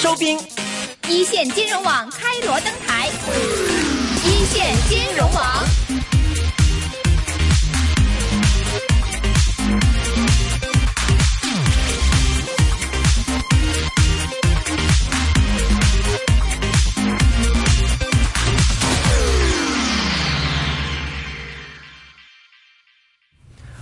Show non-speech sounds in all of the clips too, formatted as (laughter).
收兵，一線金融網開鑼登台， (noise) 一線金融網。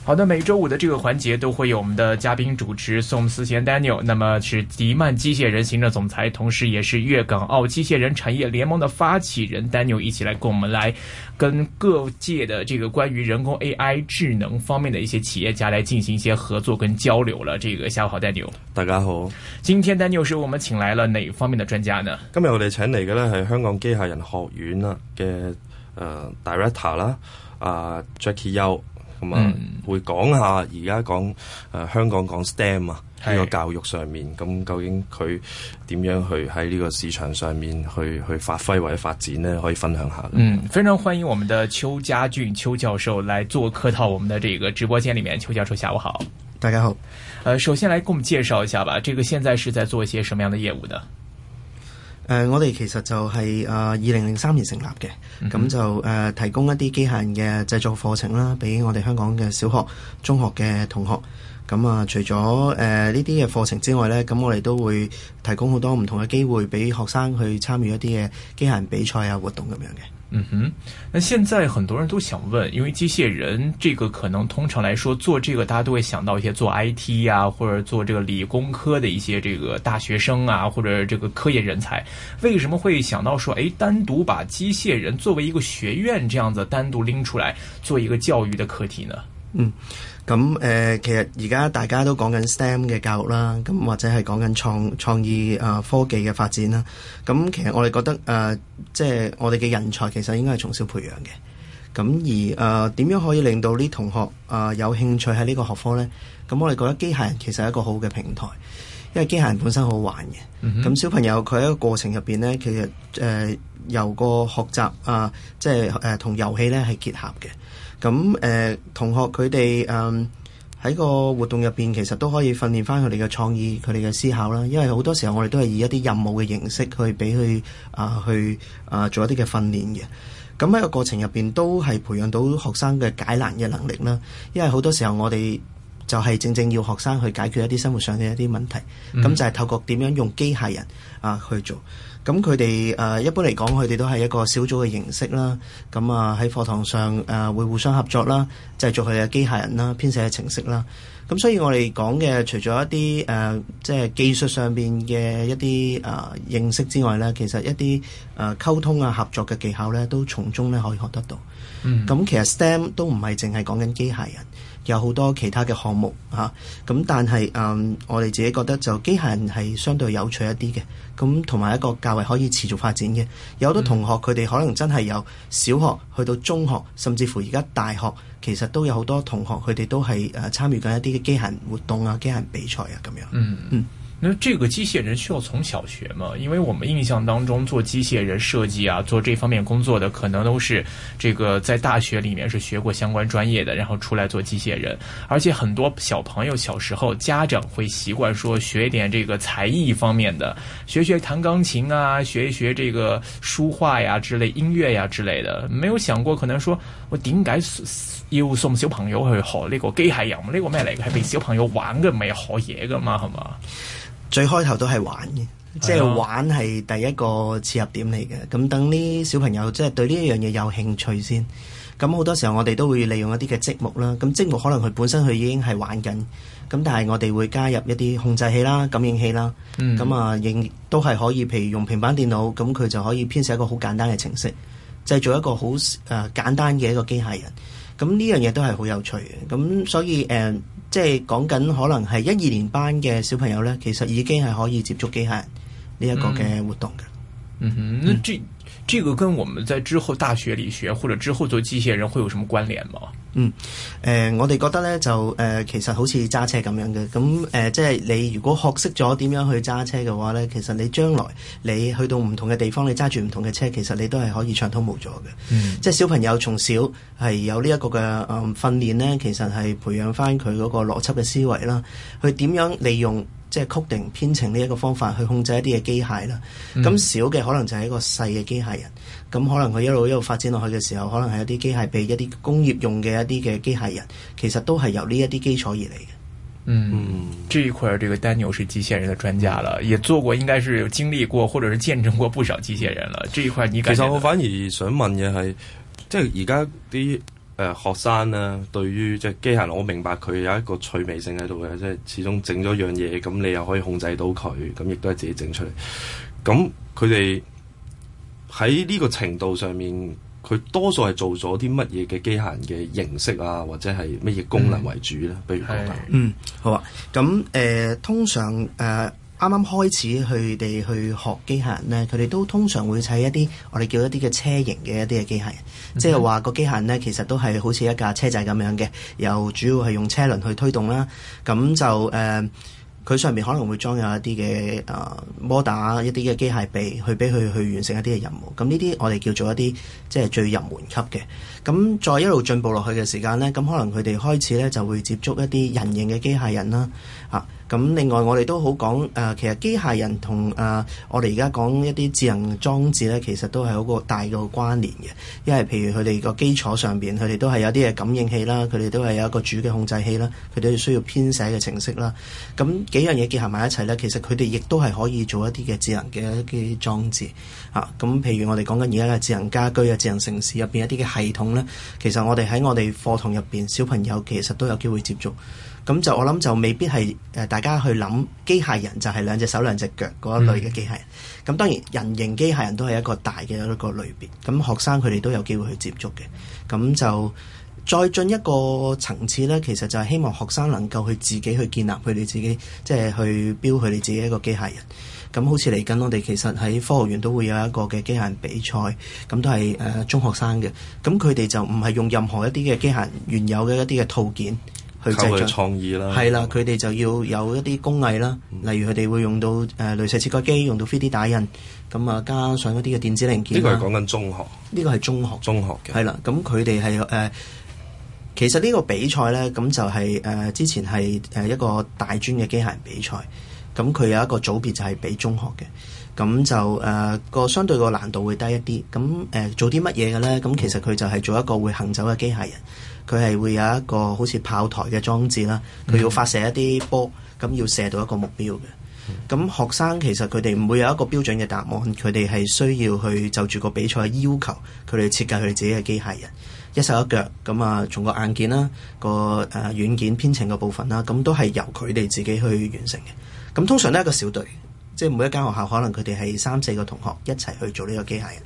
好的，每週五的這個環節都會有我們的嘉賓主持宋思賢 Daniel，那麼是迪曼機械人行政總裁，同時也是粵港澳機械人產業聯盟的發起人 Daniel，一起來跟我們來跟各界的這個關於人工 AI 智能方面的一些企業家來進行一些合作跟交流了。這個下午好，Daniel。大家好，今天 Daniel 是我們請來了哪方面的專家呢？今日我哋請嚟嘅呢係香港機械人學院啊嘅、uh, Director 啦，啊 Jackie Yau 咁啊，嗯、會講下而家講誒、呃、香港講 STEM 啊呢，這個教育上面，咁是、嗯、究竟佢點樣去喺呢個市場上面去去發揮或者發展呢？可以分享下嗯。非常歡迎我們的邱嘉俊邱教授來做客到我們的這個直播間裏面，邱教授下午好。大家好。誒、呃，首先來給我們介紹一下吧，這個現在是在做一些什麼樣的業務的？誒，uh, 我哋其實就係誒二零零三年成立嘅，咁就誒提供一啲機械人嘅製作課程啦，俾我哋香港嘅小學、中學嘅同學。咁啊，除咗誒呢啲嘅課程之外呢，咁我哋都會提供好多唔同嘅機會俾學生去參與一啲嘅機械人比賽啊、活動咁樣嘅。嗯哼，那現在很多人都想問，因為機械人這個可能通常來說做這個，大家都會想到一些做 IT 啊，或者做這個理工科的一些這個大學生啊，或者這個科研人才，為什麼會想到說，誒，單獨把機械人作為一個學院這樣子單獨拎出來，做一個教育的課題呢？嗯。咁誒、呃，其實而家大家都講緊 STEM 嘅教育啦，咁或者係講緊創創意啊、呃、科技嘅發展啦。咁、嗯、其實我哋覺得誒、呃，即係我哋嘅人才其實應該係從小培養嘅。咁、嗯、而誒點、呃、樣可以令到啲同學啊、呃、有興趣喺呢個學科呢？咁、嗯、我哋覺得機械人其實係一個好嘅平台，因為機械人本身好玩嘅。咁、嗯、哼小朋友佢喺一個過程入邊呢，其實誒由個學習啊、呃，即係誒同遊戲呢係結合嘅。咁誒、呃、同學佢哋誒喺個活動入邊，其實都可以訓練翻佢哋嘅創意、佢哋嘅思考啦。因為好多時候我哋都係以一啲任務嘅形式去俾佢啊去啊、呃、做一啲嘅訓練嘅。咁喺個過程入邊都係培養到學生嘅解難嘅能力啦。因為好多時候我哋，就係正正要學生去解決一啲生活上嘅一啲問題，咁就係透過點樣用機械人啊去做。咁佢哋誒一般嚟講，佢哋都係一個小組嘅形式啦。咁啊喺課堂上誒會互相合作啦，製作佢嘅機械人啦，編寫程式啦。咁所以我哋講嘅除咗一啲誒即係技術上面嘅一啲誒認識之外咧，其實一啲誒溝通啊、合作嘅技巧咧，都從中咧可以學得到。咁其實 STEM 都唔係淨係講緊機械人。有好多其他嘅項目吓，咁、啊、但係嗯，我哋自己覺得就機械人係相對有趣一啲嘅，咁同埋一個較為可以持續發展嘅。有好多同學佢哋可能真係由小學去到中學，甚至乎而家大學，其實都有好多同學佢哋都係誒、啊、參與緊一啲嘅機械人活動啊、機械人比賽啊咁樣。嗯嗯。嗯。那這個機械人需要從小學嗎？因為我們印象當中做機械人設計啊，做這方面工作的可能都是這個在大學裏面是學過相關專業的，然後出來做機械人。而且很多小朋友小時候，家長會習慣說學一點這個才藝方面的，學學彈鋼琴啊，學一學這個書畫呀之類、音樂呀之類的。沒有想過可能說我頂改要送小朋友去學，呢個機械人呢個咩嚟嘅，係俾小朋友玩嘅，唔係學嘢噶嘛，係嘛？最開頭都係玩嘅，的即係玩係第一個切入點嚟嘅。咁等啲小朋友即係、就是、對呢一樣嘢有興趣先。咁好多時候我哋都會利用一啲嘅積木啦。咁積木可能佢本身佢已經係玩緊。咁但係我哋會加入一啲控制器啦、感應器啦。咁、嗯、啊，亦都係可以，譬如用平板電腦，咁佢就可以編寫一個好簡單嘅程式，製造一個好誒、呃、簡單嘅一個機械人。咁呢樣嘢都係好有趣嘅。咁所以誒。呃即係講緊可能係一二年班嘅小朋友咧，其實已經係可以接觸機械呢一個嘅活動嘅、嗯。嗯哼，呢、這個跟我們在之後大學裏學或者之後做機械人會有什麼關聯嗎？嗯，誒、呃，我哋覺得呢，就誒、呃，其實好似揸車咁樣嘅，咁、嗯、誒、呃，即係你如果學識咗點樣去揸車嘅話呢，其實你將來你去到唔同嘅地方，你揸住唔同嘅車，其實你都係可以暢通無阻嘅。嗯、即係小朋友從小係有、呃、呢一個嘅誒訓練咧，其實係培養翻佢嗰個邏輯嘅思維啦，去點樣利用即係 coding 編程呢一個方法去控制一啲嘅機械啦。咁、嗯、小嘅可能就係一個細嘅機械人。咁可能佢一路一路發展落去嘅時候，可能係一啲機械臂、一啲工業用嘅一啲嘅機械人，其實都係由呢一啲基礎而嚟嘅。嗯，呢一塊，G、呢個 Daniel 係機械人嘅專家啦，亦做過，應該是有經歷過，或者係見證過不少機械人啦。呢一塊其實我反而想問嘅係，即係而家啲誒學生啦，對於即係、就是、機械，我明白佢有一個趣味性喺度嘅，即、就、係、是、始終整咗樣嘢，咁你又可以控制到佢，咁亦都係自己整出嚟，咁佢哋。喺呢個程度上面，佢多數係做咗啲乜嘢嘅機械人嘅形式啊，或者係乜嘢功能為主呢？比如講下。嗯，好啊。咁誒、呃，通常誒啱啱開始佢哋去學機械人呢，佢哋都通常會砌一啲我哋叫一啲嘅車型嘅一啲嘅機械人，即係話個機械人呢，其實都係好似一架車仔咁樣嘅，又主要係用車輪去推動啦。咁就誒。呃佢上面可能會裝有一啲嘅誒摩打，一啲嘅機械臂，去俾佢去，去完成一啲嘅任務。咁呢啲我哋叫做一啲即係最入門級嘅。咁再一路進步落去嘅時間呢，咁可能佢哋開始呢就會接觸一啲人形嘅機械人啦。咁另外我哋都好講誒、呃，其實機械人同誒、呃、我哋而家講一啲智能裝置呢，其實都係好個大嘅關聯嘅。因為譬如佢哋個基礎上邊，佢哋都係有啲嘅感應器啦，佢哋都係有一個主嘅控制器啦，佢哋需要編寫嘅程式啦。咁幾樣嘢結合埋一齊呢，其實佢哋亦都係可以做一啲嘅智能嘅一啲裝置嚇。咁、啊、譬如我哋講緊而家嘅智能家居啊、智能城市入邊一啲嘅系統呢，其實我哋喺我哋課堂入邊，小朋友其實都有機會接觸。咁就我諗就未必係誒大家去諗機械人就係兩隻手兩隻腳嗰一類嘅機械人。咁當然人形機械人都係一個大嘅一個類別。咁學生佢哋都有機會去接觸嘅。咁就再進一個層次呢，其實就係希望學生能夠去自己去建立佢哋自己，即係去標佢哋自己一個機械人。咁好似嚟緊，我哋其實喺科學園都會有一個嘅機械人比賽，咁都係誒、呃、中學生嘅。咁佢哋就唔係用任何一啲嘅機械人原有嘅一啲嘅套件。佢製造創意啦，係啦，佢哋就要有一啲工藝啦，嗯、例如佢哋會用到誒雷射切割機，用到 3D 打印，咁啊加上嗰啲嘅電子零件。呢個係講緊中學，呢個係中學，中學嘅係啦。咁佢哋係誒，其實呢個比賽呢，咁就係、是、誒、呃、之前係誒一個大專嘅機械人比賽，咁佢有一個組別就係畀中學嘅，咁就誒個、呃、相對個難度會低一啲。咁誒、呃、做啲乜嘢嘅呢？咁其實佢就係做一個會行走嘅機械人。佢係會有一個好似炮台嘅裝置啦，佢要發射一啲波，咁要射到一個目標嘅。咁學生其實佢哋唔會有一個標準嘅答案，佢哋係需要去就住個比賽嘅要求，佢哋設計佢哋自己嘅機械人，一手一腳咁啊，從個硬件啦、個誒、呃、軟件編程嘅部分啦，咁都係由佢哋自己去完成嘅。咁通常都係一個小隊，即係每一間學校可能佢哋係三四個同學一齊去做呢個機械人。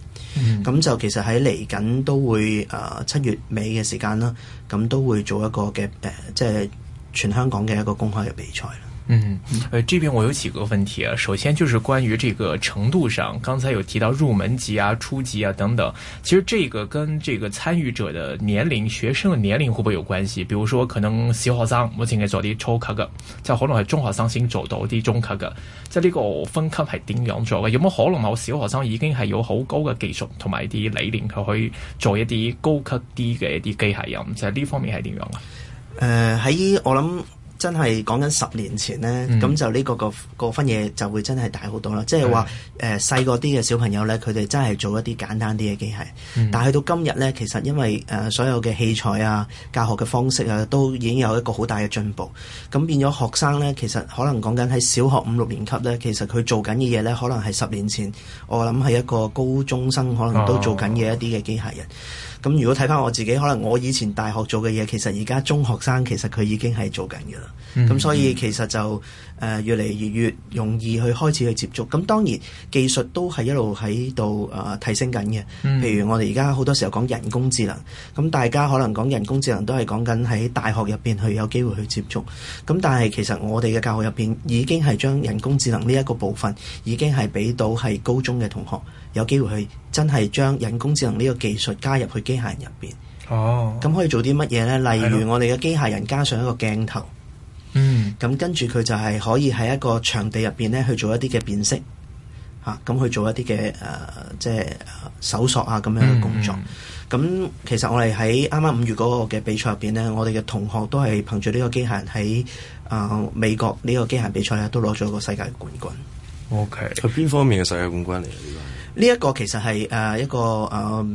咁就、嗯、其實喺嚟緊都會誒七、呃、月尾嘅時間啦，咁都會做一個嘅誒即係全香港嘅一個公開嘅比賽啦。嗯，誒、呃，這邊我有幾個問題啊。首先就是關於這個程度上，剛才有提到入門級啊、初級啊等等，其實這個跟這個參與者的年齡、學生的年齡會不會有關係？比如說可能小學生目前喺做啲初級嘅，就可能係中學生先做到啲中級嘅，即係呢個分級係點樣做嘅？有冇可能係小學生已經係有好高嘅技術同埋啲理念，佢可以做一啲高級啲嘅一啲機械人。就呢方面係點樣嘅？誒、呃，喺我諗。真係講緊十年前呢，咁、嗯、就呢個個分野就會真係大好多啦。即係話誒細個啲嘅小朋友呢，佢哋真係做一啲簡單啲嘅機械。嗯、但係到今日呢，其實因為誒、呃、所有嘅器材啊、教學嘅方式啊，都已經有一個好大嘅進步。咁變咗學生呢，其實可能講緊喺小學五六年級呢，其實佢做緊嘅嘢呢，可能係十年前我諗係一個高中生可能都做緊嘅一啲嘅機械人。咁、哦、如果睇翻我自己，可能我以前大學做嘅嘢，其實而家中學生其實佢已經係做緊嘅啦。咁、嗯、所以其實就誒、呃、越嚟越越容易去開始去接觸。咁當然技術都係一路喺度誒提升緊嘅。嗯、譬如我哋而家好多時候講人工智能，咁大家可能講人工智能都係講緊喺大學入邊去有機會去接觸。咁但係其實我哋嘅教學入邊已經係將人工智能呢一個部分已經係俾到係高中嘅同學有機會去真係將人工智能呢個技術加入去機械人入邊哦。咁可以做啲乜嘢呢？例如我哋嘅機械人加上一個鏡頭。嗯，咁跟住佢就係可以喺一個場地入邊咧去做一啲嘅辨識，吓、啊、咁去做一啲嘅誒，即係搜索啊咁樣嘅工作。咁、嗯嗯嗯、其實我哋喺啱啱五月嗰個嘅比賽入邊咧，我哋嘅同學都係憑住呢個機械人喺誒美國呢個機械人比賽咧，都攞咗個世界冠軍。O K，係邊方面嘅世界冠軍嚟？呢個呢一個其實係誒、呃、一個誒。呃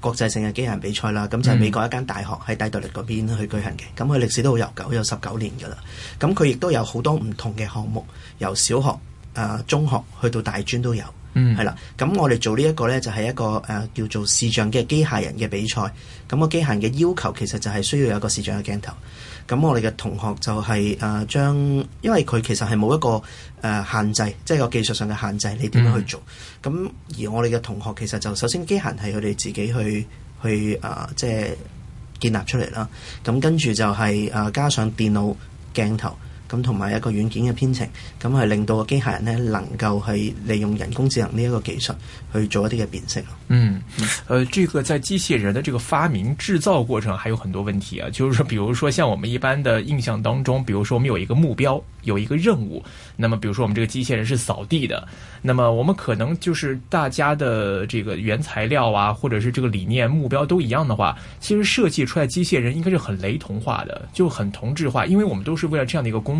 國際性嘅機器人比賽啦，咁就係美國一間大學喺底特律嗰邊去舉行嘅，咁佢歷史都好悠久，有十九年㗎啦。咁佢亦都有好多唔同嘅項目，由小學、誒、呃、中學去到大專都有。嗯，係啦，咁我哋做呢一個呢，就係、是、一個誒、呃、叫做視像嘅機械人嘅比賽。咁、那個機械人嘅要求其實就係需要有個視像嘅鏡頭。咁我哋嘅同學就係誒將，因為佢其實係冇一個誒、呃、限制，即係個技術上嘅限制，你點樣去做？咁、嗯、而我哋嘅同學其實就首先機械係佢哋自己去去誒、呃、即係建立出嚟啦。咁跟住就係、是、誒、呃、加上電腦鏡頭。咁同埋一個軟件嘅編程，咁係令到個機械人咧能夠係利用人工智能呢一個技術去做一啲嘅辨識。嗯，佢、呃、這個在機械人的這個發明製造過程，還有很多問題啊。就是說，比如說像我們一般的印象當中，比如說我們有一個目標，有一個任務，那麼比如說我們這個機械人是掃地的，那麼我們可能就是大家的這個原材料啊，或者是這個理念、目標都一樣的話，其實設計出來機械人應該是很雷同化的，就很同質化，因為我們都是為了這樣的一個工。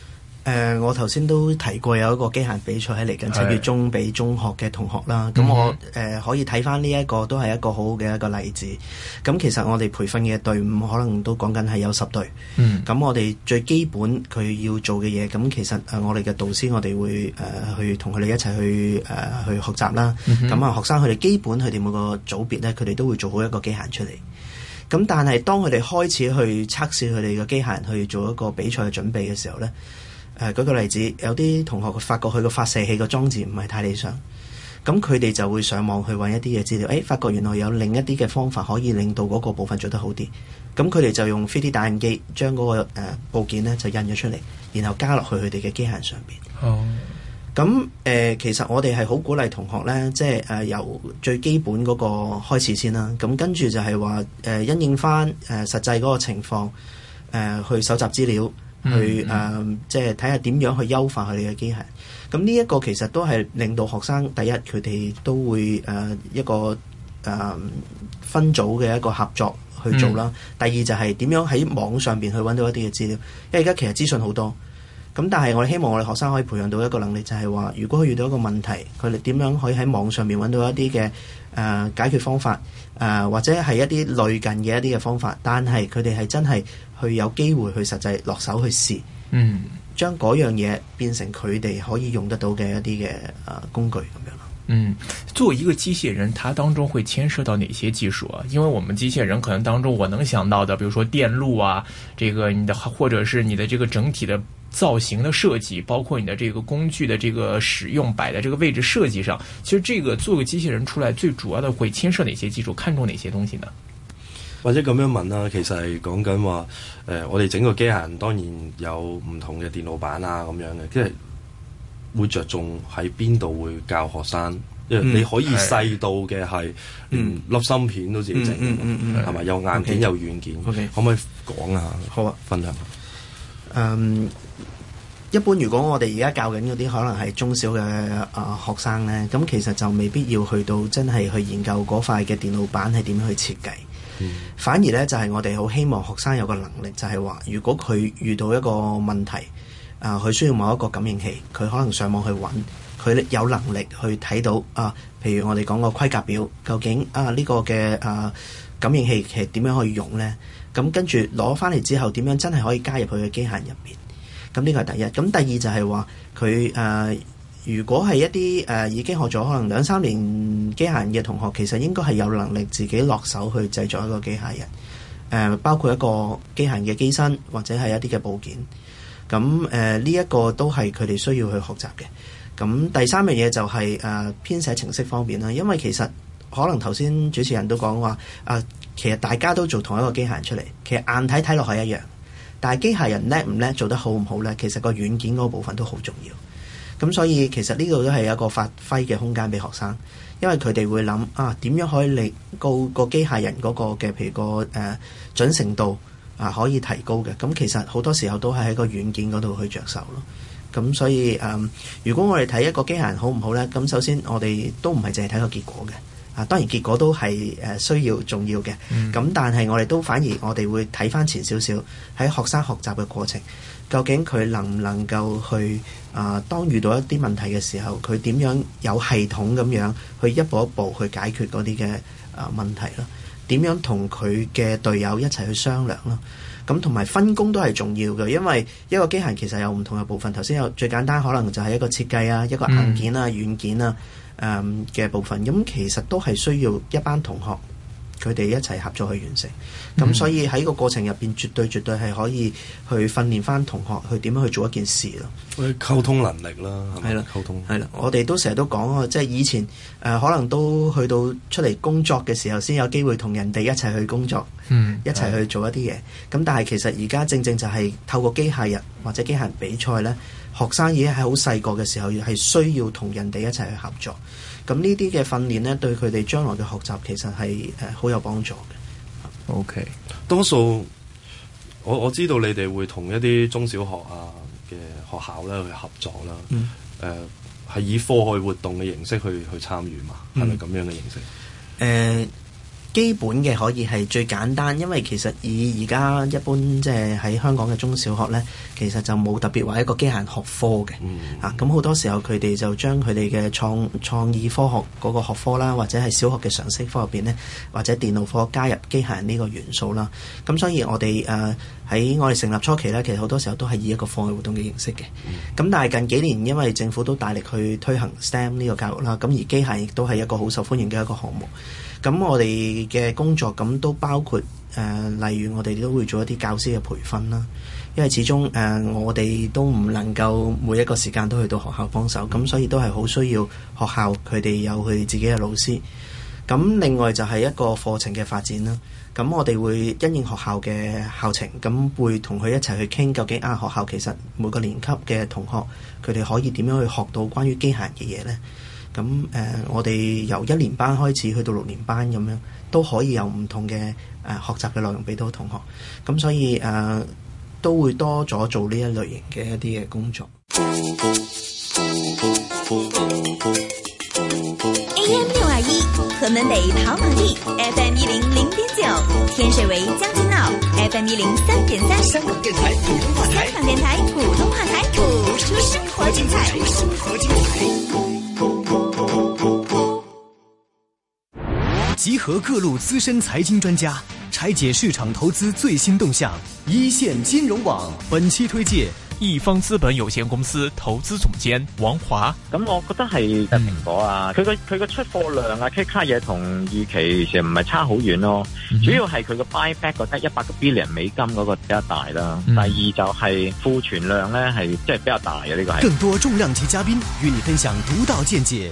誒、呃，我頭先都提過有一個機械比賽喺嚟緊七月中，俾中學嘅同學啦。咁我誒、呃、可以睇翻呢一個都係一個好好嘅一個例子。咁其實我哋培訓嘅隊伍可能都講緊係有十隊。咁、嗯、我哋最基本佢要做嘅嘢，咁其實誒我哋嘅導師我，我哋會誒去同佢哋一齊去誒、呃、去學習啦。咁啊、嗯哼，學生佢哋基本佢哋每個組別咧，佢哋都會做好一個機械出嚟。咁但係當佢哋開始去測試佢哋嘅機械人去做一個比賽準備嘅時候呢。誒、啊，舉個例子，有啲同學佢發覺佢個發射器個裝置唔係太理想，咁佢哋就會上網去揾一啲嘅資料，誒、哎，發覺原來有另一啲嘅方法可以令到嗰個部分做得好啲，咁佢哋就用 3D 打印機將嗰個、呃、部件咧就印咗出嚟，然後加落去佢哋嘅機械人上邊。哦好，咁誒、呃，其實我哋係好鼓勵同學呢，即係誒、呃、由最基本嗰個開始先啦，咁、啊、跟住就係話誒因應返誒、呃、實際嗰個情況誒、呃、去搜集資料。去誒、呃，即係睇下點樣去優化佢哋嘅機械。咁呢一個其實都係令到學生，第一，佢哋都會誒、呃、一個誒、呃、分組嘅一個合作去做啦。嗯、第二就係點樣喺網上邊去揾到一啲嘅資料，因為而家其實資訊好多。咁但係我哋希望我哋學生可以培養到一個能力就，就係話如果佢遇到一個問題，佢哋點樣可以喺網上面搵到一啲嘅誒解決方法，誒、呃、或者係一啲類近嘅一啲嘅方法，但係佢哋係真係去有機會去實際落手去試，嗯，將嗰樣嘢變成佢哋可以用得到嘅一啲嘅誒工具咁樣咯。嗯，作為一個機械人，佢當中會牽涉到哪些技術啊？因為我們機械人可能當中我能想到的，比如說電路啊，這個你的或者是你的這個整體的。造型嘅設計，包括你嘅這個工具嘅這個使用，擺喺這個位置設計上，其實這個做個機器人出來，最主要的會牽涉哪些技術，看重哪些東西呢？或者咁樣問啦、啊，其實係講緊話，誒、呃，我哋整個機械人當然有唔同嘅電腦板啊，咁樣嘅，即係會着重喺邊度會教學生，因為你可以細到嘅係連粒芯片都自己整，係咪有硬件有軟件？OK，可唔可以講下？好啊，分享。嗯，um, 一般如果我哋而家教緊嗰啲可能係中小嘅啊、呃、學生呢，咁其實就未必要去到真係去研究嗰塊嘅電腦板係點樣去設計。嗯、反而呢，就係、是、我哋好希望學生有個能力，就係、是、話如果佢遇到一個問題啊，佢、呃、需要某一個感應器，佢可能上網去揾，佢有能力去睇到啊、呃。譬如我哋講個規格表，究竟啊呢、呃呢個嘅啊、呃、感應器其實點樣去用呢？咁跟住攞翻嚟之後，點樣真係可以加入佢嘅機械入邊？咁呢個係第一。咁第二就係話佢誒，如果係一啲誒、呃、已經學咗可能兩三年機械人嘅同學，其實應該係有能力自己落手去製作一個機械人。誒、呃，包括一個機械人嘅機身或者係一啲嘅部件。咁、呃、誒，呢、這、一個都係佢哋需要去學習嘅。咁、呃、第三樣嘢就係、是、誒、呃、編寫程式方面啦，因為其實。可能頭先主持人都講話啊，其實大家都做同一個機械人出嚟，其實硬睇睇落係一樣，但係機械人叻唔叻，做得好唔好呢？其實個軟件嗰部分都好重要。咁所以其實呢度都係一個發揮嘅空間俾學生，因為佢哋會諗啊，點樣可以令到個機械人嗰個嘅，譬如個誒、啊、準程度啊可以提高嘅。咁其實好多時候都係喺個軟件嗰度去着手咯。咁所以誒、啊，如果我哋睇一個機械人好唔好呢？咁首先我哋都唔係淨係睇個結果嘅。當然結果都係誒需要重要嘅，咁、嗯、但係我哋都反而我哋會睇翻前少少，喺學生學習嘅過程，究竟佢能唔能夠去啊、呃？當遇到一啲問題嘅時候，佢點樣有系統咁樣去一步一步去解決嗰啲嘅啊問題啦？點樣同佢嘅隊友一齊去商量啦？咁同埋分工都係重要嘅，因為一個機械其實有唔同嘅部分。頭先有最簡單可能就係一個設計啊，一個硬件啊，軟件啊。誒嘅部分，咁其實都係需要一班同學。佢哋一齊合作去完成，咁所以喺個過程入邊，絕對絕對係可以去訓練翻同學去點樣去做一件事咯。溝通能力啦，係啦，溝通係啦。的的我哋都成日都講啊，即係以前誒，可能都去到出嚟工作嘅時候，先有機會同人哋一齊去工作，嗯，一齊去做一啲嘢。咁的但係其實而家正正就係透過機械人或者機械人比賽咧，學生已經喺好細個嘅時候，係需要同人哋一齊去合作。咁呢啲嘅訓練呢，對佢哋將來嘅學習其實係誒好有幫助嘅。O K，多數我我知道你哋會同一啲中小學啊嘅學校咧去合作啦，誒係、嗯呃、以課外活動嘅形式去去參與嘛，係咪咁樣嘅形式？誒、嗯。呃基本嘅可以係最簡單，因為其實以而家一般即係喺香港嘅中小學呢，其實就冇特別話一個機械學科嘅、嗯、啊。咁好多時候佢哋就將佢哋嘅創創意科學嗰個學科啦，或者係小學嘅常識科入邊呢，或者電腦科加入機械人呢個元素啦。咁、啊、所以我，啊、我哋誒喺我哋成立初期呢，其實好多時候都係以一個課外活動嘅形式嘅。咁、嗯、但係近幾年，因為政府都大力去推行 STEM 呢個教育啦，咁、啊、而機械亦都係一個好受歡迎嘅一個項目。咁我哋嘅工作咁都包括誒、呃，例如我哋都會做一啲教師嘅培訓啦，因為始終誒、呃、我哋都唔能夠每一個時間都去到學校幫手，咁、嗯、所以都係好需要學校佢哋有佢自己嘅老師，咁另外就係一個課程嘅發展啦。咁我哋會因應學校嘅校情，咁會同佢一齊去傾究竟啊學校其實每個年級嘅同學，佢哋可以點樣去學到關於機械嘅嘢咧？咁誒、嗯，我哋由一年班開始去到六年班咁樣，都可以有唔同嘅誒學習嘅內容俾到同學。咁、嗯、所以誒、呃，都會多咗做呢一類型嘅一啲嘅工作。AM 六二一，屯門北跑馬地，FM 一零零點九，9，天水圍將軍澳，FM 一零三點三，香港電台普通話台，香港電台普通話台，播出生活精彩。集合各路資深財經專家，拆解市場投資最新動向。一線金融網本期推介，易方資本有限公司投資總監王華。咁我覺得係個、嗯啊、蘋果啊，佢個佢個出貨量啊，其他嘢同預期其實唔係差好遠咯。嗯、主要係佢個 buyback 嗰啲一百個 billion 美金嗰個比較大啦。嗯、第二就係庫存量咧係即係比較大嘅、啊、呢、這個係。更多重量級嘉賓與你分享獨到見解。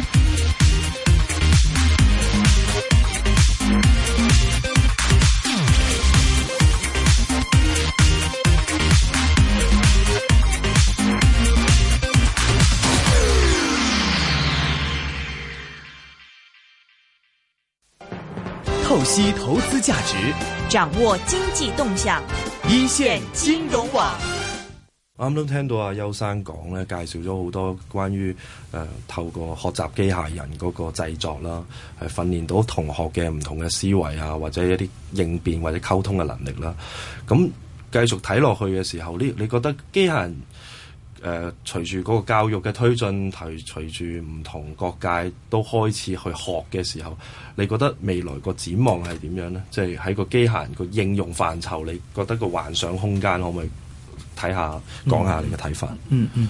投資價值，掌握經濟動向，一線金融網。啱都聽到阿邱生講咧，介紹咗好多關於誒、呃，透過學習機械人嗰個製作啦，係訓練到同學嘅唔同嘅思維啊，或者一啲應變或者溝通嘅能力啦。咁繼續睇落去嘅時候，呢你，你覺得機械人？誒，隨住嗰個教育嘅推進，提隨住唔同各界都開始去學嘅時候，你覺得未來個展望係點樣呢？即係喺個機械人個應用範疇，你覺得個幻想空間可唔可以睇下講下你嘅睇法？嗯嗯，誒、嗯嗯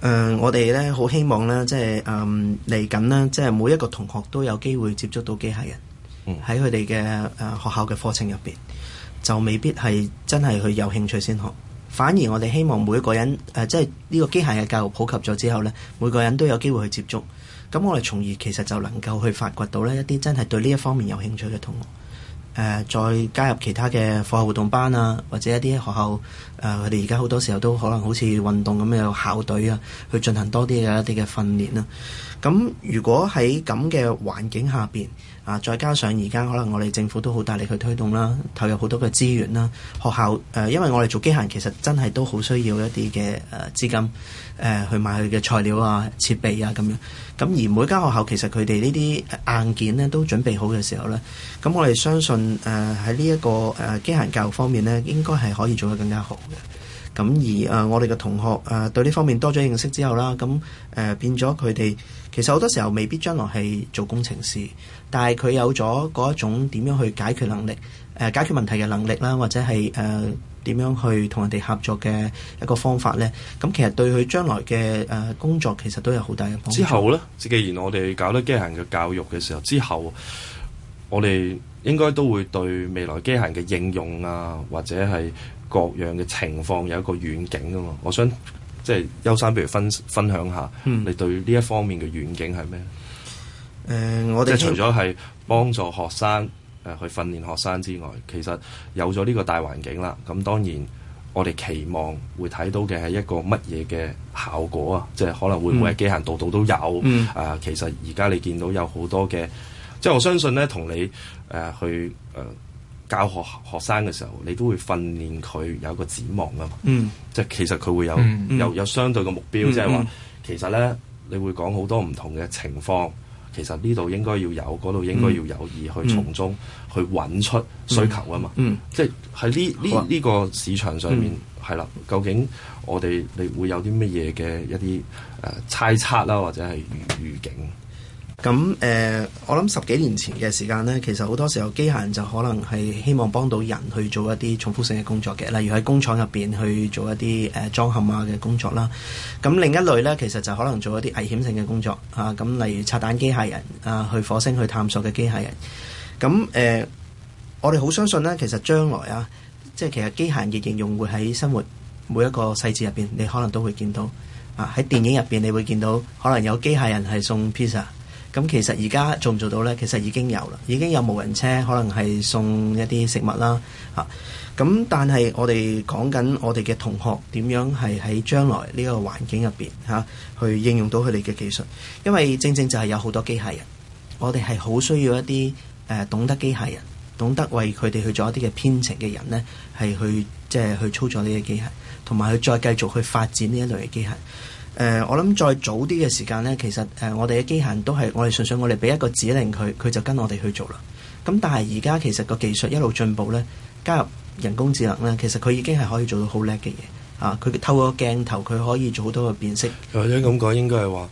嗯呃，我哋咧好希望呢，即係誒嚟緊呢，即係每一個同學都有機會接觸到機械人喺佢哋嘅誒學校嘅課程入邊，就未必係真係佢有興趣先學。反而我哋希望每一個人誒、呃，即係呢個機械嘅教育普及咗之後呢，每個人都有機會去接觸。咁我哋從而其實就能夠去發掘到呢一啲真係對呢一方面有興趣嘅同學、呃、再加入其他嘅課後活動班啊，或者一啲學校誒，佢哋而家好多時候都可能好似運動咁樣有校隊啊，去進行多啲嘅一啲嘅訓練啦、啊。咁如果喺咁嘅環境下邊。啊！再加上而家可能我哋政府都好大力去推動啦，投入好多嘅資源啦。學校誒、呃，因為我哋做機械人，其實真係都好需要一啲嘅誒資金誒、呃，去買佢嘅材料啊、設備啊咁樣。咁而每間學校其實佢哋呢啲硬件咧都準備好嘅時候咧，咁我哋相信誒喺呢一個誒機械人教育方面咧，應該係可以做得更加好嘅。咁而誒，我哋嘅同學誒對呢方面多咗認識之後啦，咁誒變咗佢哋其實好多時候未必將來係做工程師，但係佢有咗嗰一種點樣去解決能力誒解決問題嘅能力啦，或者係誒點樣去同人哋合作嘅一個方法呢。咁其實對佢將來嘅誒工作其實都有好大嘅幫助。之後呢，既然我哋搞得機械人嘅教育嘅時候，之後我哋應該都會對未來機械人嘅應用啊，或者係。各樣嘅情況有一個遠景㗎嘛？我想即係邱生，譬如分分享下、嗯、你對呢一方面嘅遠景係咩？誒、嗯，我哋除咗係幫助學生誒、呃、去訓練學生之外，其實有咗呢個大環境啦。咁當然我哋期望會睇到嘅係一個乜嘢嘅效果啊？即係可能會唔會喺機械度度都有、嗯、啊。其實而家你見到有好多嘅，即係我相信咧，同你誒、呃、去誒。呃呃教學學生嘅時候，你都會訓練佢有一個展望啊嘛，嗯、即係其實佢會有、嗯嗯、有有相對嘅目標，即係話其實咧，你會講好多唔同嘅情況，其實呢度應該要有，嗰度應該要有，而去從中、嗯、去揾出需求啊嘛，嗯嗯、即係喺呢呢呢個市場上面係啦、嗯，究竟我哋你會有啲乜嘢嘅一啲誒猜測啦，或者係預警。咁誒、呃，我諗十幾年前嘅時間呢，其實好多時候機械人就可能係希望幫到人去做一啲重複性嘅工作嘅，例如喺工廠入邊去做一啲誒裝嵌啊嘅工作啦。咁另一類呢，其實就可能做一啲危險性嘅工作啊，咁例如拆彈機械人啊，去火星去探索嘅機械人。咁、啊、誒、呃，我哋好相信呢，其實將來啊，即係其實機械人嘅應用會喺生活每一個細節入邊，你可能都會見到啊。喺電影入邊，你會見到可能有機械人係送 pizza。咁其實而家做唔做到呢？其實已經有啦，已經有無人車可能係送一啲食物啦。嚇、啊！咁但係我哋講緊我哋嘅同學點樣係喺將來呢個環境入邊嚇，去應用到佢哋嘅技術。因為正正就係有好多機械人，我哋係好需要一啲誒、呃、懂得機械人，懂得為佢哋去做一啲嘅編程嘅人呢，係去即係、就是、去操作呢啲機械，同埋去再繼續去發展呢一類嘅機械。誒、呃，我諗再早啲嘅時間呢，其實誒、呃，我哋嘅機械人都係我哋純粹，我哋俾一個指令佢，佢就跟我哋去做啦。咁但係而家其實個技術一路進步呢，加入人工智能呢，其實佢已經係可以做到好叻嘅嘢啊！佢透過鏡頭，佢可以做好多個辨色。或者咁講，應該係話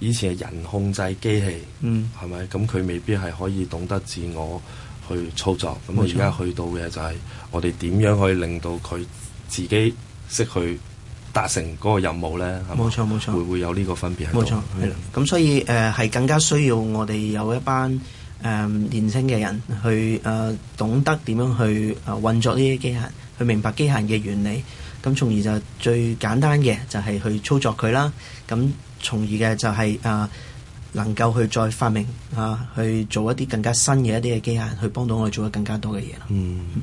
以前係人控制機器，嗯，係咪？咁佢未必係可以懂得自我去操作。咁我而家去到嘅就係、冇錯、我哋點樣可以令到佢自己識去，達成嗰個任務呢，冇錯冇錯，會吧錯會有呢個分別喺度。冇錯，係啦的。咁所以誒，係的、嗯、更加需要我哋有一班誒年輕嘅人去誒、呃、懂得點樣去運作呢啲機械，去明白機械嘅原理，咁從而就最簡單嘅就係去操作佢啦。咁從而嘅就係、是、誒、呃、能夠去再發明啊，去做一啲更加新嘅一啲嘅機械，去幫到我哋做得更加多嘅嘢啦。嗯。嗯。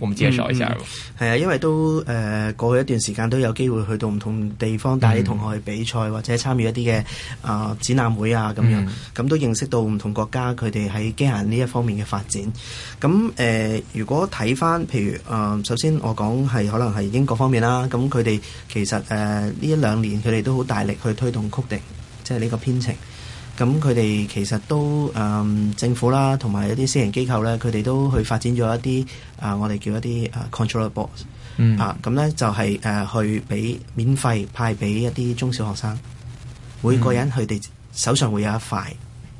我唔知係想一下係啊，因為都誒、呃、過去一段時間都有機會去到唔同地方帶啲同學去比賽、嗯、或者參與一啲嘅啊展覽會啊咁樣，咁、嗯、都認識到唔同國家佢哋喺機械人呢一方面嘅發展。咁誒、呃，如果睇返，譬如誒、呃，首先我講係可能係英國方面啦，咁佢哋其實誒呢、呃、一兩年佢哋都好大力去推動曲定，即係呢個編程。咁佢哋其實都誒、嗯、政府啦，同埋一啲私人機構咧，佢哋都去發展咗一啲、呃嗯、啊，我哋叫一啲啊 controller board 啊，咁咧就係誒去俾免費派俾一啲中小學生，每個人佢哋手上會有一塊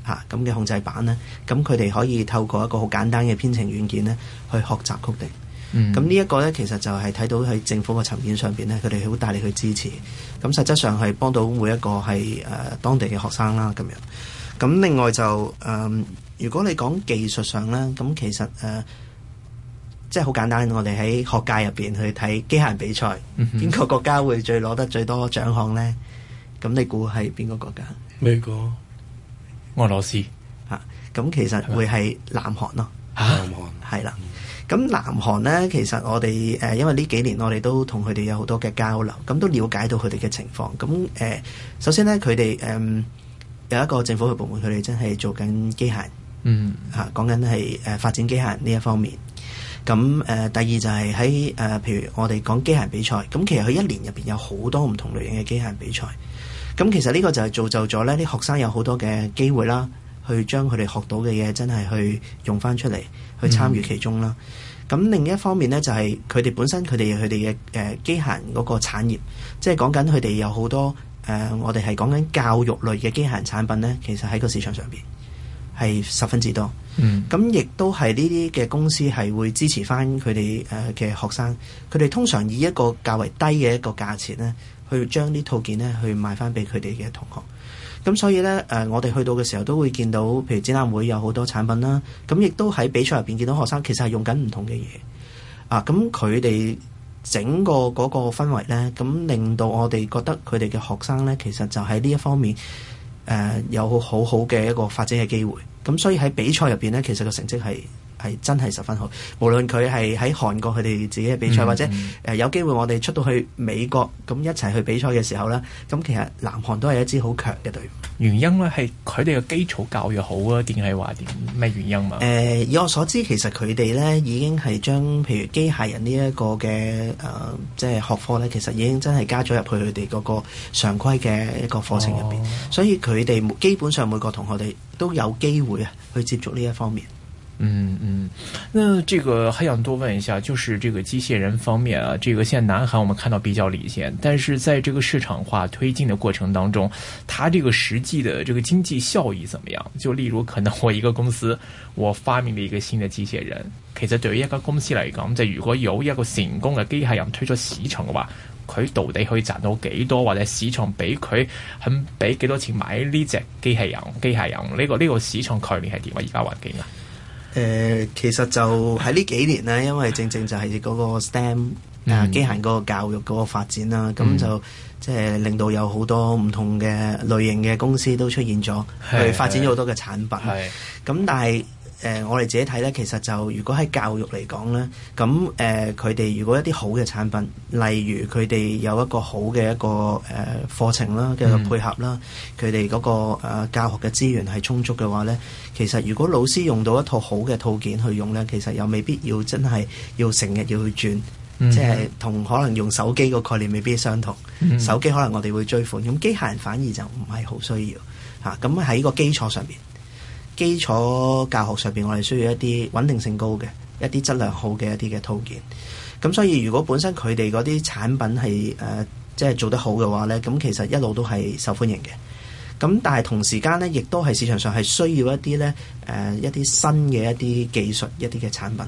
啊咁嘅控制板咧，咁佢哋可以透過一個好簡單嘅編程軟件咧，去學習 coding。咁、嗯、呢一個咧，其實就係睇到喺政府嘅層面上邊咧，佢哋好大力去支持。咁實質上係幫到每一個係誒、呃、當地嘅學生啦，咁樣。咁另外就誒、呃，如果你講技術上咧，咁其實誒，即係好簡單。我哋喺學界入邊去睇機械人比賽，邊、嗯、哼個國家會最攞得最多獎項咧？咁你估係邊個國家？美國、俄羅斯嚇？咁、啊、其實會係南韓咯。嚇？南韓、係啦。咁南韓咧，其實我哋誒、呃、因為呢幾年我哋都同佢哋有好多嘅交流，咁都了解到佢哋嘅情況。咁誒、呃，首先咧佢哋誒有一個政府嘅部門，佢哋真係做緊機械，嗯嚇，講緊係誒發展機械呢一方面。咁誒、呃，第二就係喺誒，譬如我哋講機械比賽，咁其實佢一年入邊有好多唔同類型嘅機械比賽。咁其實呢個就係造就咗咧，啲學生有好多嘅機會啦。去將佢哋學到嘅嘢真係去用翻出嚟，去參與其中啦。咁、mm. 另一方面呢，就係佢哋本身佢哋佢哋嘅誒機械嗰個產業，即係講緊佢哋有好多誒、呃，我哋係講緊教育類嘅機械人產品呢，其實喺個市場上邊係十分之多。咁亦、mm. 都係呢啲嘅公司係會支持翻佢哋誒嘅學生，佢哋通常以一個較為低嘅一個價錢呢，去將啲套件呢去賣翻俾佢哋嘅同學。咁所以咧，誒、呃，我哋去到嘅時候都會見到，譬如展覽會有好多產品啦。咁亦都喺比賽入邊見到學生其實係用緊唔同嘅嘢。啊，咁佢哋整個嗰個氛圍咧，咁令到我哋覺得佢哋嘅學生咧，其實就喺呢一方面，誒、呃、有好好嘅一個發展嘅機會。咁所以喺比賽入邊咧，其實個成績係。係真係十分好，無論佢係喺韓國佢哋自己嘅比賽，嗯、或者誒、嗯呃、有機會我哋出到去美國咁一齊去比賽嘅時候呢，咁其實南韓都係一支好強嘅隊。原因呢係佢哋嘅基礎教育好啊，定係話點咩原因嘛？誒、呃，以我所知，其實佢哋呢已經係將譬如機械人呢一個嘅誒、呃，即係學科呢，其實已經真係加咗入去佢哋嗰個常規嘅一個課程入邊，哦、所以佢哋基本上每個同學哋都有機會啊去接觸呢一方面。嗯嗯，那這個還想多問一下，就是這個機械人方面啊，這個現在南韓我們看到比較領先，但是在這個市場化推進的過程當中，它這個實際的這個經濟效益怎麼樣？就例如可能我一個公司我發明了一個新的機械人，其實對於一家公司嚟講，就如果有一個成功的機械人推出市場嘅話，佢到底可以賺到幾多，或者市場俾佢肯俾幾多錢買呢隻、這個、機械人？機械人呢個呢、呢個市場概念係點啊？而家環境啊？誒、呃，其實就喺呢幾年呢，因為正正就係嗰個 STEM、嗯、啊機械嗰個教育嗰個發展啦、啊，咁、嗯、就即係令到有好多唔同嘅類型嘅公司都出現咗，去是、呃、發展咗好多嘅產品。係，咁但係。誒、呃，我哋自己睇咧，其實就如果喺教育嚟講咧，咁誒佢哋如果一啲好嘅產品，例如佢哋有一個好嘅一個誒、呃、課程啦嘅配合啦，佢哋嗰個、呃、教學嘅資源係充足嘅話咧，其實如果老師用到一套好嘅套件去用咧，其實又未必要真係要成日要去轉，即係同可能用手機個概念未必相同。嗯、手機可能我哋會追款，咁機械人反而就唔係好需要嚇。咁、啊、喺個基礎上面。基礎教學上邊，我哋需要一啲穩定性高嘅一啲質量好嘅一啲嘅套件。咁所以，如果本身佢哋嗰啲產品係誒即係做得好嘅話呢，咁其實一路都係受歡迎嘅。咁但係同時間呢，亦都係市場上係需要一啲呢、誒、呃、一啲新嘅一啲技術一啲嘅產品。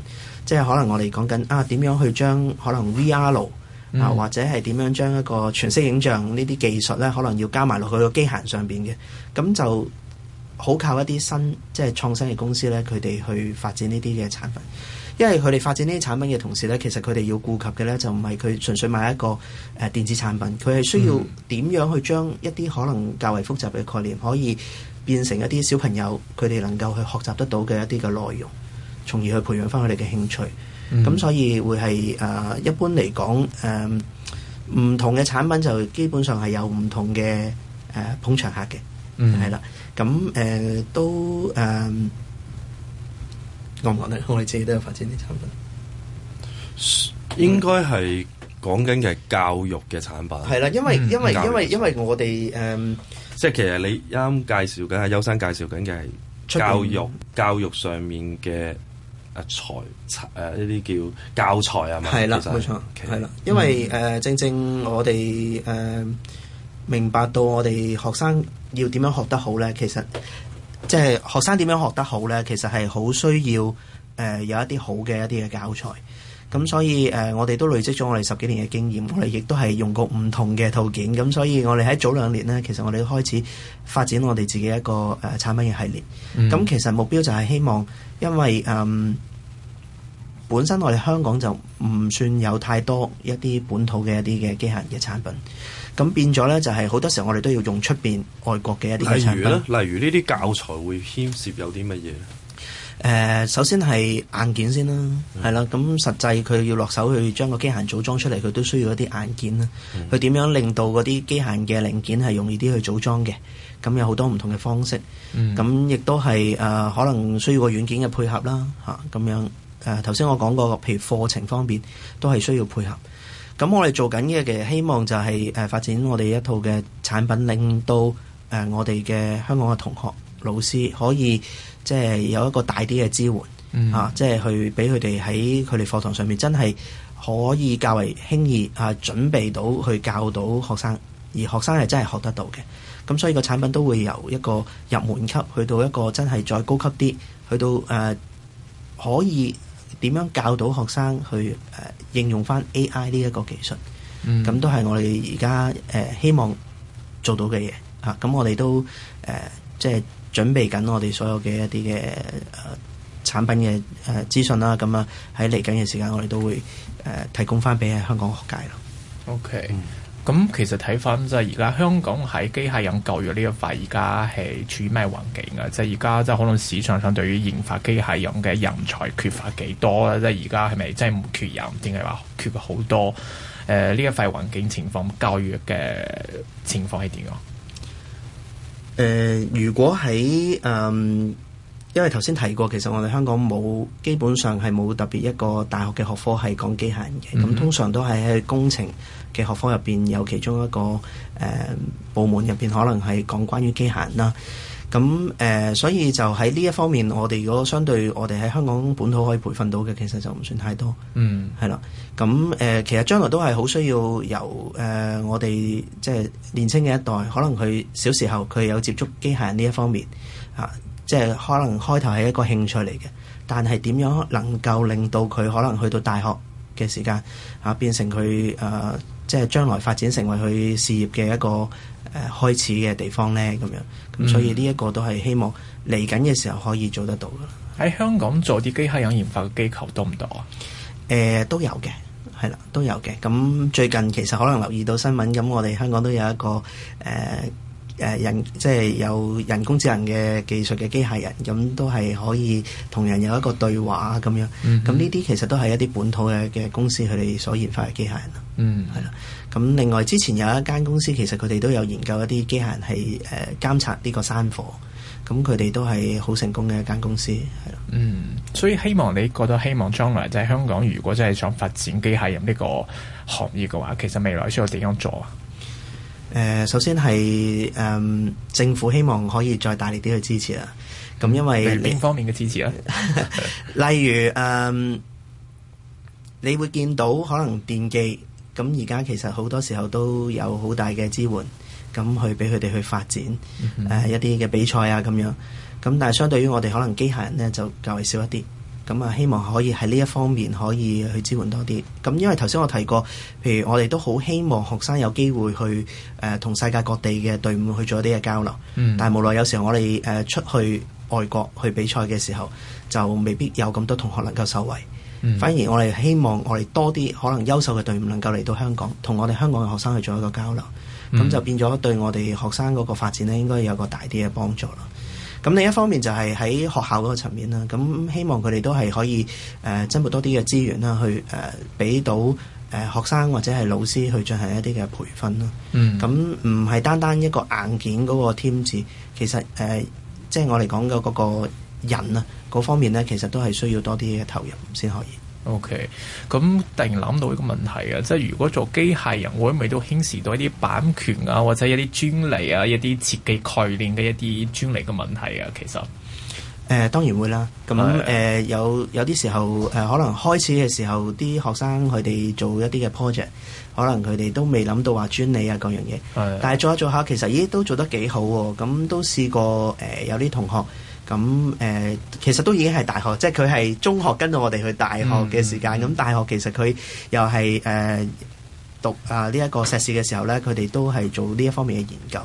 即係可能我哋講緊啊點樣去將可能 VR、嗯、啊或者係點樣將一個全息影像呢啲技術呢，可能要加埋落去個機械上邊嘅。咁就好靠一啲新，即係創新嘅公司咧，佢哋去發展呢啲嘅產品，因為佢哋發展呢啲產品嘅同時咧，其實佢哋要顧及嘅咧就唔係佢純粹買一個誒、呃、電子產品，佢係需要點樣去將一啲可能較為複雜嘅概念，可以變成一啲小朋友佢哋能夠去學習得到嘅一啲嘅內容，從而去培養翻佢哋嘅興趣。咁、嗯、所以會係誒、呃、一般嚟講誒唔同嘅產品就基本上係有唔同嘅誒、呃、捧場客嘅。嗯，係啦、mm，咁、hmm. 誒、呃、都誒、呃，我唔覺得我哋自己都有發展啲產品。應該係講緊嘅教育嘅產品。係啦、嗯，因為因為因為因為我哋誒，嗯、即係其實你啱介紹緊，阿優生介紹緊嘅係教育面教育上面嘅啊材誒呢啲叫教材吖嘛？係啦，冇錯。係啦實，因為誒、嗯、正，正，正正我哋誒。嗯明白到我哋學生要點樣學得好呢？其實即係、就是、學生點樣學得好呢？其實係好需要誒、呃、有一啲好嘅一啲嘅教材。咁所以誒、呃，我哋都累積咗我哋十幾年嘅經驗，我哋亦都係用過唔同嘅套件。咁所以，我哋喺早兩年呢，其實我哋都開始發展我哋自己一個誒、呃、產品嘅系列。咁、嗯、其實目標就係希望，因為誒、呃、本身我哋香港就唔算有太多一啲本土嘅一啲嘅機械人嘅產品。嗯咁變咗咧，就係好多時候我哋都要用出邊外國嘅一啲產品。例如咧，例如呢啲教材會牽涉有啲乜嘢咧？誒、呃，首先係硬件先啦，係、嗯、啦。咁實際佢要落手去將個機械組裝出嚟，佢都需要一啲硬件啦。佢點、嗯、樣令到嗰啲機械嘅零件係容易啲去組裝嘅？咁有好多唔同嘅方式。咁亦、嗯、都係誒、呃，可能需要個軟件嘅配合啦。嚇、啊，咁樣誒，頭、呃、先我講過，譬如課程方面都係需要配合。咁我哋做緊嘅嘅希望就係，誒發展我哋一套嘅產品，令到誒我哋嘅香港嘅同學老師可以即係有一個大啲嘅支援嚇，即係去俾佢哋喺佢哋課堂上面真係可以較為輕易嚇，準備到去教到學生，而學生係真係學得到嘅。咁所以個產品都會由一個入門級去到一個真係再高級啲，去到誒可以。點樣教到學生去誒、呃、應用翻 AI 呢一個技術？咁、嗯、都係我哋而家誒希望做到嘅嘢嚇。咁、啊、我哋都誒、呃、即係準備緊我哋所有嘅一啲嘅誒產品嘅誒、呃、資訊啦。咁啊喺嚟緊嘅時間，我哋都會誒、呃、提供翻俾香港學界咯。OK、嗯。咁、嗯、其實睇返即係而家香港喺機械人教育呢一塊，而家係處於咩環境啊？即係而家即係可能市場上對於研發機械人嘅人才缺乏幾多咧？即係而家係咪真係唔缺人？定係話缺好多？誒、呃、呢一塊環境情況教育嘅情況係點啊？誒、呃，如果喺嗯。因為頭先提過，其實我哋香港冇基本上係冇特別一個大學嘅學科係講機械人嘅，咁、mm hmm. 通常都係喺工程嘅學科入邊有其中一個誒、呃、部門入邊，可能係講關於機械人啦。咁誒、呃，所以就喺呢一方面，我哋如果相對我哋喺香港本土可以培訓到嘅，其實就唔算太多。嗯、mm，係、hmm. 啦。咁誒、呃，其實將來都係好需要由誒、呃、我哋即係年輕嘅一代，可能佢小時候佢有接觸機械人呢一方面啊。即係可能開頭係一個興趣嚟嘅，但係點樣能夠令到佢可能去到大學嘅時間啊，變成佢誒、呃，即係將來發展成為佢事業嘅一個誒、呃、開始嘅地方呢？咁樣，咁、嗯、所以呢一個都係希望嚟緊嘅時候可以做得到咯。喺香港做啲機械人研發嘅機構多唔多啊？誒、呃，都有嘅，係啦，都有嘅。咁最近其實可能留意到新聞，咁我哋香港都有一個誒。呃誒人即係有人工智能嘅技術嘅機械人，咁都係可以同人有一個對話咁樣。咁呢啲其實都係一啲本土嘅嘅公司佢哋所研發嘅機械人咯。嗯，係啦。咁另外之前有一間公司，其實佢哋都有研究一啲機械人係誒監察呢個山火，咁佢哋都係好成功嘅一間公司。係咯。嗯，所以希望你覺得希望將來就係香港，如果真係想發展機械人呢個行業嘅話，其實未來需要點樣做啊？誒、呃，首先係誒、嗯、政府希望可以再大力啲去支持啦。咁、啊、因為邊方面嘅支持啊？ (laughs) 例如誒、嗯，你會見到可能電機咁而家其實好多時候都有好大嘅支援，咁、啊、去俾佢哋去發展誒、嗯哼啊、一啲嘅比賽啊咁樣。咁、啊、但係相對於我哋可能機械人呢，就較為少一啲。咁啊，希望可以喺呢一方面可以去支援多啲。咁因為頭先我提過，譬如我哋都好希望學生有機會去誒同、呃、世界各地嘅隊伍去做一啲嘅交流。嗯、但係無奈有時候我哋誒、呃、出去外國去比賽嘅時候，就未必有咁多同學能夠受惠。嗯、反而我哋希望我哋多啲可能優秀嘅隊伍能夠嚟到香港，同我哋香港嘅學生去做一個交流。咁、嗯、就變咗對我哋學生嗰個發展咧，應該有個大啲嘅幫助啦。咁另一方面就係喺學校個層面啦，咁希望佢哋都係可以誒、呃、增撥多啲嘅資源啦，去誒俾、呃、到誒、呃、學生或者係老師去進行一啲嘅培訓啦。嗯，咁唔係單單一個硬件，個添置，其實誒即係我哋講嘅個人啊嗰方面咧，其實都係需要多啲嘅投入先可以。OK，咁突然諗到一個問題啊，即係如果做機械人，會唔會都輕視到一啲版權啊，或者一啲專利啊，一啲設計概念嘅一啲專利嘅問題啊？其實，誒、呃、當然會啦。咁誒的、呃、有有啲時候誒、呃，可能開始嘅時候啲、呃、學生佢哋做一啲嘅 project，可能佢哋都未諗到話專利啊各樣嘢。的但係做一做下，其實咦都做得幾好喎、啊。咁、嗯、都試過誒、呃，有啲同學。咁誒、呃，其實都已經係大學，即係佢係中學跟到我哋去大學嘅時間。咁、嗯嗯、大學其實佢又係誒、呃、讀啊呢一、這個碩士嘅時候咧，佢哋都係做呢一方面嘅研究。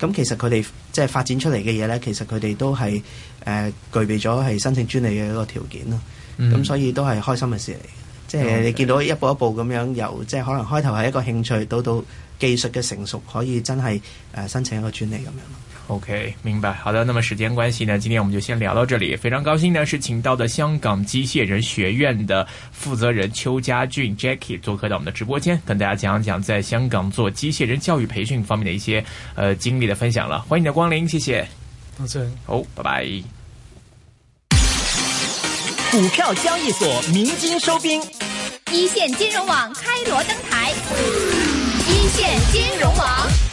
咁其實佢哋即係發展出嚟嘅嘢咧，其實佢哋都係誒、呃、具備咗係申請專利嘅一個條件咯。咁、嗯、所以都係開心嘅事嚟嘅，即係、嗯、你見到一步一步咁樣由即係可能開頭係一個興趣，到到技術嘅成熟，可以真係誒申請一個專利咁樣。OK，明白。好的，那麼時間關係呢，今天我們就先聊到這裏。非常高興呢，是請到的香港機械人學院的負責人邱嘉俊 Jackie 做客到我們的直播間，跟大家講一講在香港做機械人教育培訓方面的一些，呃，經歷的分享了。歡迎你的光臨，謝謝。早、嗯、好，拜拜。股票交易所鳴金收兵，一線金融網開鑼登台，一線金融網。